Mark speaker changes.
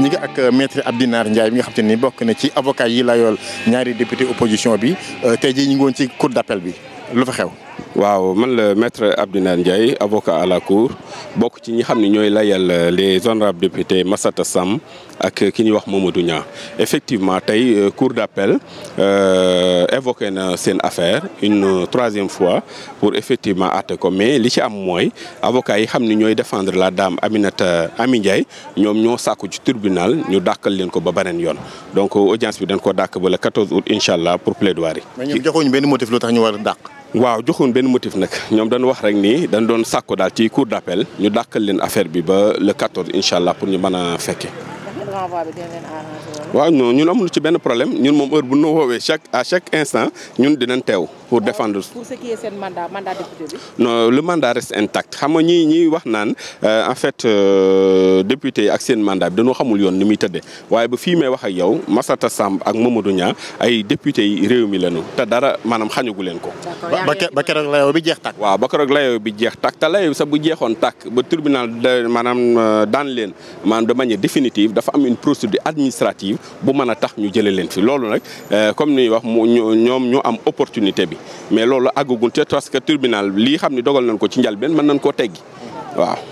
Speaker 1: ñi ngi ak euh, maître dinar Ndiaye bi nga xam te ni bokk na ci avocat yi layool ñaari député opposition bi euh, tey jii ñu ngi woon ci cour d'appel bi lu fa xew. waaw man la maître Abdinaar Ndiaye avocat à la cour bokk ci ñi xam ne ñooy layal euh, les honorables députés masata Sam ak euh, ki ñuy wax Mamadou Niang effectivement tey euh, cour d'appel évoqué na seen affaire une troisième fois pour effectivement àtte ko mais li ci am mooy avocat yi xam ni ñooy défendre la dame Aminata Ami Ndiaye ñoom ñoo sàkku ci tribunal ñu dàkkal leen ko ba beneen yoon donc audience bi dañ ko dàkk ba le 14 août incha allah pour plaidoirie. mais ñoom joxuñu benn motif lu tax ñu war a dàq. waaw joxoon benn motif nag ñoom dañu wax rek nii dañ doon sàkku daal ci cour d'appel ñu dàkkal leen affaire bi ba le 14 incha allah pour ñu mën a fekke waaw non ñun amul ci benn problème ñun moom heure bu ñu woowee chaque à chaque instant ñun dinañ teew. pour défendre. pour ce qui est seen mandat intact xam nga ñi ñiy wax naan euh, en fait euh, député ak seen manda bi dañoo xamul yoon ni muy tëddee waaye ba fii may wax ak yow Massata Samb ak Mamadou Niang ay député yi réew mi la nu te dara maanaam xañagu leen ko. ba keroog layoo bi jeex tàkk. waaw ba keroog layoo bi jeex tak te layoo bi sax bu jeexoon tàkk ba tribunal de maanaam euh, daan leen maanaam de manière définitive dafa am une procédure administrative bu mën a tax ñu jëlee leen fi loolu nag comme ni wax mu ñoom ñu am opportunité bi. mais loolu àggagul te parce que tribunal lii xam ne dogal nañ ko ci njalbeen mën nañ koo teggi waaw.